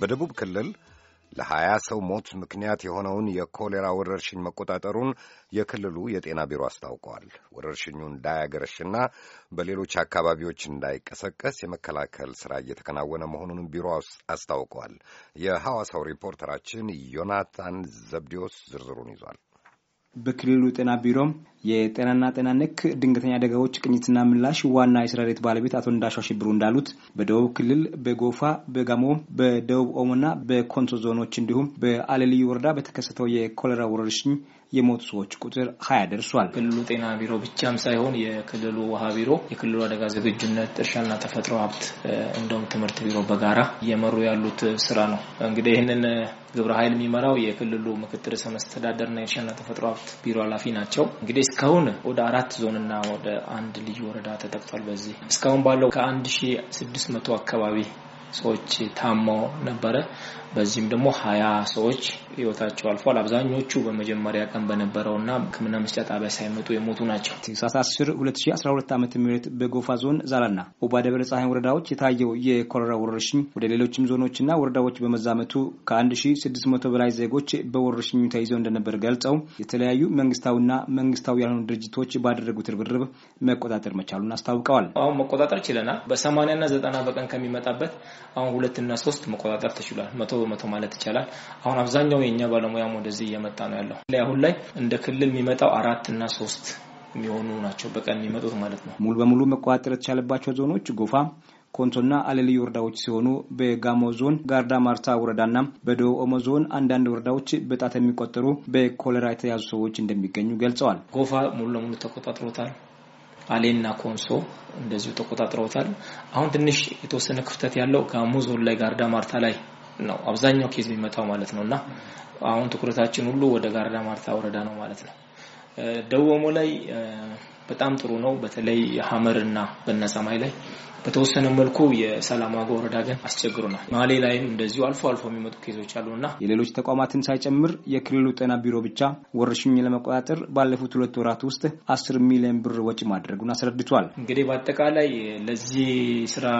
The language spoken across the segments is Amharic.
በደቡብ ክልል ለሀያ ሰው ሞት ምክንያት የሆነውን የኮሌራ ወረርሽኝ መቆጣጠሩን የክልሉ የጤና ቢሮ አስታውቀዋል። ወረርሽኙ እንዳያገረሽና በሌሎች አካባቢዎች እንዳይቀሰቀስ የመከላከል ሥራ እየተከናወነ መሆኑንም ቢሮ አስታውቀዋል። የሐዋሳው ሪፖርተራችን ዮናታን ዘብዲዮስ ዝርዝሩን ይዟል። በክልሉ ጤና ቢሮም የጤናና ጤና ነክ ድንገተኛ አደጋዎች ቅኝትና ምላሽ ዋና የስራ ባለቤት አቶ እንዳሻው ሽብሩ እንዳሉት በደቡብ ክልል በጎፋ፣ በጋሞ፣ በደቡብ ኦሞና በኮንሶ ዞኖች እንዲሁም በአለልዩ ወረዳ በተከሰተው የኮሌራ ወረርሽኝ የሞቱ ሰዎች ቁጥር ሀያ ደርሷል። ክልሉ ጤና ቢሮ ብቻም ሳይሆን የክልሉ ውሃ ቢሮ፣ የክልሉ አደጋ ዝግጁነት፣ እርሻና ተፈጥሮ ሀብት እንደውም ትምህርት ቢሮ በጋራ እየመሩ ያሉት ስራ ነው። እንግዲህ ይህንን ግብረ ኃይል የሚመራው የክልሉ ምክትል ርዕሰ መስተዳደርና የእርሻና ተፈጥሮ ሀብት ቢሮ ኃላፊ ናቸው። እንግዲህ እስካሁን ወደ አራት ዞንና ወደ አንድ ልዩ ወረዳ ተጠቅቷል። በዚህ እስካሁን ባለው ከአንድ ሺ ስድስት መቶ አካባቢ ሰዎች ታማው ነበረ። በዚህም ደግሞ ሀያ ሰዎች ህይወታቸው አልፏል። አብዛኞቹ በመጀመሪያ ቀን በነበረውና ሕክምና መስጫ ጣቢያ ሳይመጡ የሞቱ ናቸው። ታህሳስ 10 2012 ዓ ም በጎፋ ዞን ዛላና ኦባ ደብረ ፀሐይ ወረዳዎች የታየው የኮሌራ ወረርሽኝ ወደ ሌሎችም ዞኖችና ወረዳዎች በመዛመቱ ከ1600 በላይ ዜጎች በወረርሽኙ ተይዘው እንደነበር ገልጸው የተለያዩ መንግስታዊና መንግስታዊ ያልሆኑ ድርጅቶች ባደረጉት ርብርብ መቆጣጠር መቻሉን አስታውቀዋል። አሁን መቆጣጠር ችለናል። በ80ና 90 በቀን ከሚመጣበት አሁን ሁለት እና ሶስት መቆጣጠር ተችሏል። መቶ በመቶ ማለት ይቻላል። አሁን አብዛኛው የእኛ ባለሙያም ወደዚህ እየመጣ ነው ያለው። አሁን ላይ እንደ ክልል የሚመጣው አራት እና ሶስት የሚሆኑ ናቸው በቀን የሚመጡት ማለት ነው። ሙሉ በሙሉ መቆጣጠር የተቻለባቸው ዞኖች ጎፋ ኮንቶና አለልዩ ወረዳዎች ሲሆኑ በጋሞ ዞን ጋርዳ ማርታ ወረዳና በደቡብ ኦሞ ዞን አንዳንድ ወረዳዎች በጣት የሚቆጠሩ በኮሌራ የተያዙ ሰዎች እንደሚገኙ ገልጸዋል። ጎፋ ሙሉ ለሙሉ ተቆጣጥሮታል። አሌና ኮንሶ እንደዚሁ ተቆጣጥረውታል። አሁን ትንሽ የተወሰነ ክፍተት ያለው ጋሞ ዞን ላይ ጋርዳ ማርታ ላይ ነው አብዛኛው ኬዝ የሚመጣው ማለት ነውና አሁን ትኩረታችን ሁሉ ወደ ጋርዳ ማርታ ወረዳ ነው ማለት ነው። ደወሞ ላይ በጣም ጥሩ ነው። በተለይ ሀመርና በነሰማይ ላይ በተወሰነ መልኩ የሰላም ዋጋ ወረዳ ግን አስቸግሮናል። ማሌ ላይም እንደዚሁ አልፎ አልፎ የሚመጡ ኬዞች አሉና የሌሎች ተቋማትን ሳይጨምር የክልሉ ጤና ቢሮ ብቻ ወረርሽኝ ለመቆጣጠር ባለፉት ሁለት ወራት ውስጥ አስር ሚሊዮን ብር ወጪ ማድረጉን አስረድቷል። እንግዲህ በአጠቃላይ ለዚህ ስራ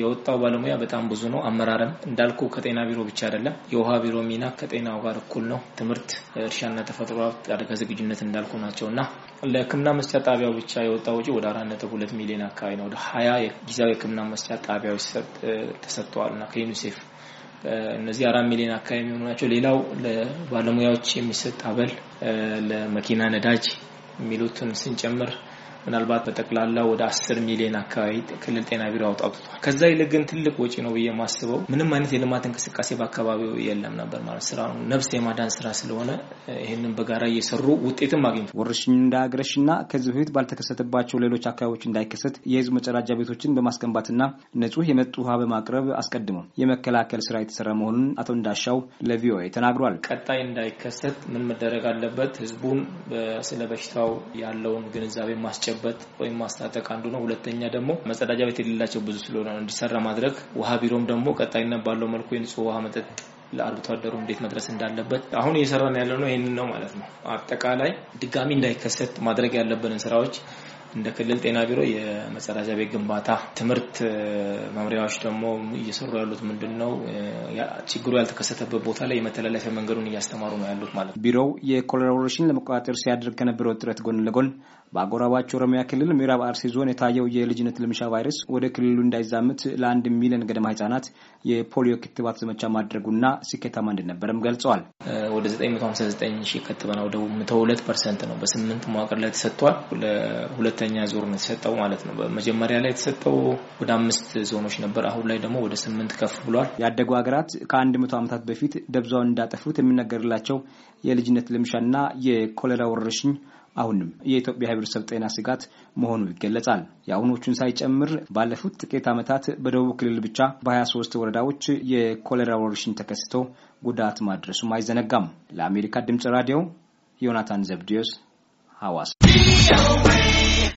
የወጣው ባለሙያ በጣም ብዙ ነው። አመራርም እንዳልኩ ከጤና ቢሮ ብቻ አይደለም። የውሃ ቢሮ ሚና ከጤናው ጋር እኩል ነው። ትምህርት፣ እርሻና ተፈጥሮ ሀብት አደጋ ዝግጁነት እንዳልኩ ናቸው እና ለህክምና መስጫ ጣቢያ ለመዋቢያው ብቻ የወጣ ወጪ ወደ 4.2 ሚሊዮን አካባቢ ነው። ወደ 20 ጊዜያዊ ሕክምና መስጫ ጣቢያዎች ተሰጥተዋል ከዩኒሴፍ እነዚህ አራት ሚሊዮን አካባቢ የሚሆኑ ናቸው። ሌላው ለባለሙያዎች የሚሰጥ አበል፣ ለመኪና ነዳጅ የሚሉትን ስንጨምር ምናልባት በጠቅላላ ወደ አስር ሚሊዮን አካባቢ ክልል ጤና ቢሮ አውጣውጥቷል። ከዛ ይልቅ ግን ትልቅ ወጪ ነው ብዬ የማስበው ምንም አይነት የልማት እንቅስቃሴ በአካባቢው የለም ነበር ማለት ስራ ነብስ የማዳን ስራ ስለሆነ ይህንን በጋራ እየሰሩ ውጤትም አግኝቷል። ወረርሽኙ እንዳያገረሽና ከዚህ በፊት ባልተከሰተባቸው ሌሎች አካባቢዎች እንዳይከሰት የህዝብ መጸዳጃ ቤቶችን በማስገንባትና ንጹህ የመጡ ውሃ በማቅረብ አስቀድሞ የመከላከል ስራ የተሰራ መሆኑን አቶ እንዳሻው ለቪኦኤ ተናግሯል። ቀጣይ እንዳይከሰት ምን መደረግ አለበት? ህዝቡን ስለ በሽታው ያለውን ግንዛቤ ማስጨ ማስጨበጥ ወይም ማስታጠቅ አንዱ ነው። ሁለተኛ ደግሞ መጸዳጃ ቤት የሌላቸው ብዙ ስለሆነ እንዲሰራ ማድረግ፣ ውሃ ቢሮም ደግሞ ቀጣይነት ባለው መልኩ የንጹህ ውሃ መጠጥ ለአርብቶ አደሩ እንዴት መድረስ እንዳለበት አሁን እየሰራን ነው። ይህንን ነው ማለት ነው። አጠቃላይ ድጋሚ እንዳይከሰት ማድረግ ያለብንን ስራዎች እንደ ክልል ጤና ቢሮ የመጸዳጃ ቤት ግንባታ ትምህርት መምሪያዎች ደግሞ እየሰሩ ያሉት ምንድን ነው፣ ችግሩ ያልተከሰተበት ቦታ ላይ የመተላለፊያ መንገዱን እያስተማሩ ነው ያሉት ማለት ነው። ቢሮው የኮሌራ ወረርሽኝ ለመቆጣጠር ሲያደርግ ከነበረው ጥረት ጎን ለጎን በአጎራባች ኦሮሚያ ክልል ምዕራብ አርሲ ዞን የታየው የልጅነት ልምሻ ቫይረስ ወደ ክልሉ እንዳይዛምት ለአንድ ሚሊዮን ገደማ ህጻናት የፖሊዮ ክትባት ዘመቻ ማድረጉና ስኬታማ እንደነበረም ገልጸዋል። ወደ 959 ሺህ ከትበና ወደ 2 ፐርሰንት ነው በስምንት መዋቅር ላይ ተሰጥቷል። ሁለተኛ ዞር ነው የተሰጠው ማለት ነው። በመጀመሪያ ላይ የተሰጠው ወደ አምስት ዞኖች ነበር። አሁን ላይ ደግሞ ወደ ስምንት ከፍ ብሏል። ያደጉ ሀገራት ከአንድ መቶ ዓመታት በፊት ደብዛውን እንዳጠፉት የሚነገርላቸው የልጅነት ልምሻና የኮሌራ ወረርሽኝ አሁንም የኢትዮጵያ ሕብረተሰብ ጤና ስጋት መሆኑ ይገለጻል። የአሁኖቹን ሳይጨምር ባለፉት ጥቂት ዓመታት በደቡብ ክልል ብቻ በ23 ወረዳዎች የኮሌራ ወረርሽኝ ተከስቶ ጉዳት ማድረሱም አይዘነጋም። ለአሜሪካ ድምፅ ራዲዮ ዮናታን ዘብዲዮስ ሐዋሳ